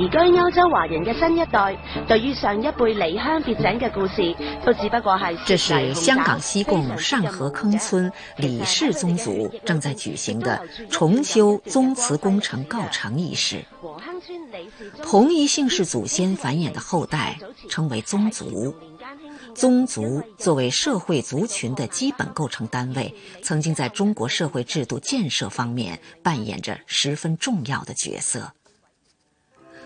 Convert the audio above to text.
移居歐洲華人嘅新一代，對於上一輩離鄉別井嘅故事，都只不過係這是香港西貢上河坑村李氏宗族正在舉行的重修宗祠工程告成儀式。坑村李氏，同一姓氏祖先繁衍的後代稱為宗族。宗族作為社會族群的基本構成單位，曾經在中國社會制度建設方面扮演着十分重要的角色。